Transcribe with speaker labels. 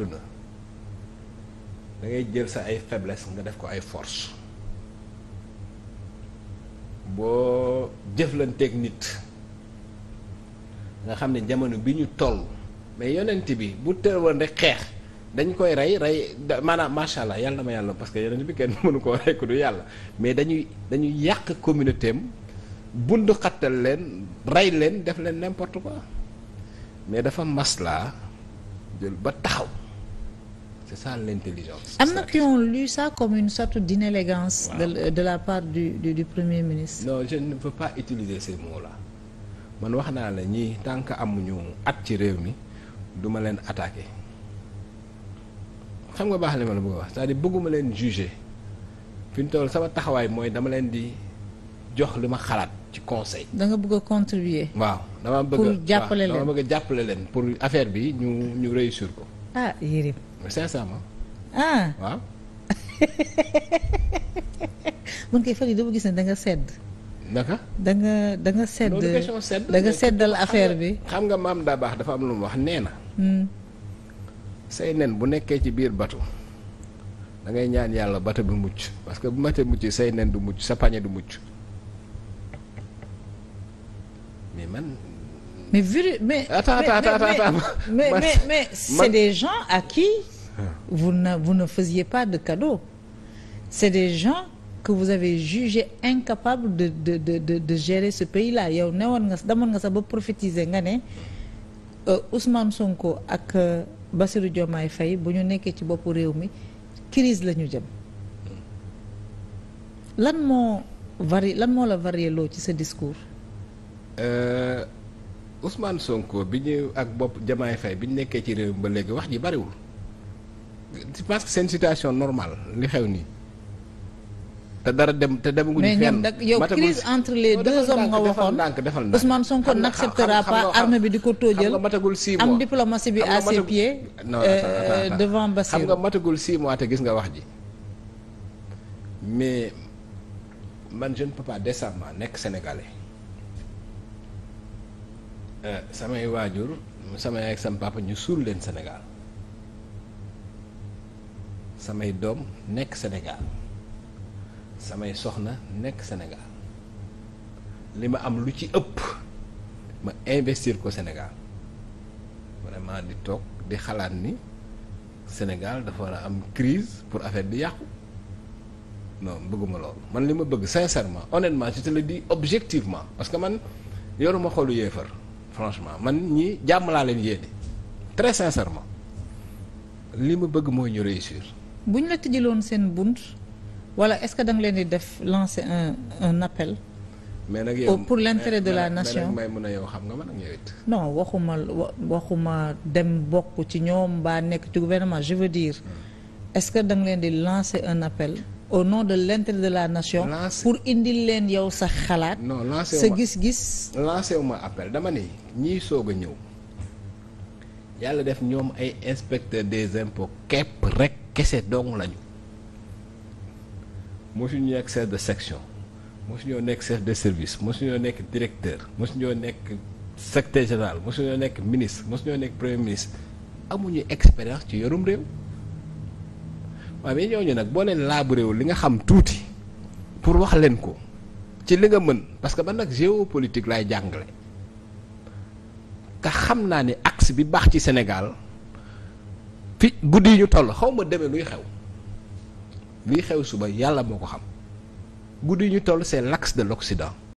Speaker 1: àdduna da jël sa ay faiblesse nga def ko ay force boo jëflanteeg nit nga xam ne jamono bi ñu toll mais yonent bi bu tëwoon rek xeex dañ koy rey rey maanaam macha allah yàlla na ma yàlla parce que yonent bi kenn mënu koo rey ku du yàlla mais dañuy dañuy yàq communauté am bundu xattal leen rey leen def leen n'importe quoi mais dafa maslaa jël ba taxaw c'est ça l'intelligence. am
Speaker 2: na qui ont lu ça comme une sorte d'inélégance. Wow. de
Speaker 1: de la part du, du du premier ministre. non je ne veux pas utiliser ces mots-là man wax naa la ñii tànk que amuñu at ci réew mi duma leen attaquer xam nga baax li ma la bëgg a wax cest à bëgguma leen juger fi mu toll sama taxawaay mooy dama leen di jox li ma xalaat. ci conseil.
Speaker 2: da nga bëgg a contribuer.
Speaker 1: waaw dama bëgg pour jàppale leen jàppale leen pour affaire bi ñu ñu réussir ko. Ah, sincèrement. ah waaw.
Speaker 2: man kay fan dama gis ne da sedd.
Speaker 1: naka da nga sedd da seddal affaire bi. xam nga maam daa baax dafa am lu mu wax nee na. say nen bu nekkee ci biir bato da ñaan yàlla bato bi mucc parce que bu bato mucc say nen du mucc sa pañe du mucc mais man. mais mais mais mais mais mais c'est des
Speaker 2: gens à qui. vous ne, vous ne faisiez pas de cadeaux. C'est des gens que vous avez jugés incapables de, de, de, de, de gérer ce pays-là. yow newoon nga demoon nga sax ba prophétiser nga ne euh, Ousmane Sonko ak euh, Bassirou Diomaye fay bu ñu nekkee ci boppu réew mi crise la ñu jëm lan moo vari lan moo la varié loo ci sa discours
Speaker 1: euh, Ousmane Sonko bi ñu ak bopp Diomaye fay bi ñu nekkee ci réew mi ba léegi wax ji bariwul je que seen situation normal li xew nii te dara dem te demaguñu fenn.
Speaker 2: entre les deux hommes nga waxoon defal
Speaker 1: ndànk Ousmane
Speaker 2: Sonko n'acceptera pas armée bi di ko tóojal matagul six mois am diplomatie bi à ses pieds.
Speaker 1: Euh, xam nga matagul six mois te gis nga wax ji mais man je ne peux pas nekk sénégalais euh, samay waajur sama yaay ak sama papa ñu suul leen senegal samay doom nekk Sénégal samay soxna nekk Sénégal li ma am lu ci ëpp ma investir ko Sénégal vraiment di toog di xalaat ni Sénégal dafa war a am crise pour affaire bi yàqu non bëgguma loolu man li ma bëgg sincèrement honnêtement je te le dis objectivement parce que man yoruma xolu yéefar franchement man ñi jàmm laa leen yéene très sincèrement li ma bëgg mooy ñu réussir
Speaker 2: bu ñu la tëjaloon seen bunt wala est-ce que da leen di def lancer un un appel.
Speaker 1: mais nag yow pour l'intérêt de la nation mais mën a yow xam nga man ak yow it.
Speaker 2: non waxuma waxuma dem bokk ci ñoom baa nekk ci gouvernement je veux dire hmm. est-ce que da nga leen di lancer un appel. au nom de l'intérêt de la nation. Lancé... pour indil leen yow sa xalaat. non lancer sa gis-gis.
Speaker 1: lancer wu ma appel dama ne ñii soog a ñëw. yàlla def ñoom ay inspecteur des impôts képp rek kese dong lañu ñu nekk chef de section mosuñoo nekk chef de service mosuñoo nekk directeur mosuñoo nekk secrétaire général mosuñoo nekk ministre mosuñoo nekk premier ministre amuñu expérience ci yorum réew waaw mais ñooñu nag boo leen laabu réew li nga xam tuuti pour wax leen ko ci li nga mën parce que ba nag géopolitique laay jàngale te xam naa ni axe bi baax ci Sénégal fi guddi yi ñu toll xawma ma demee luy xew luy xew suba yàlla boo ko xam guddi yi ñu toll c'est lax de l'Occident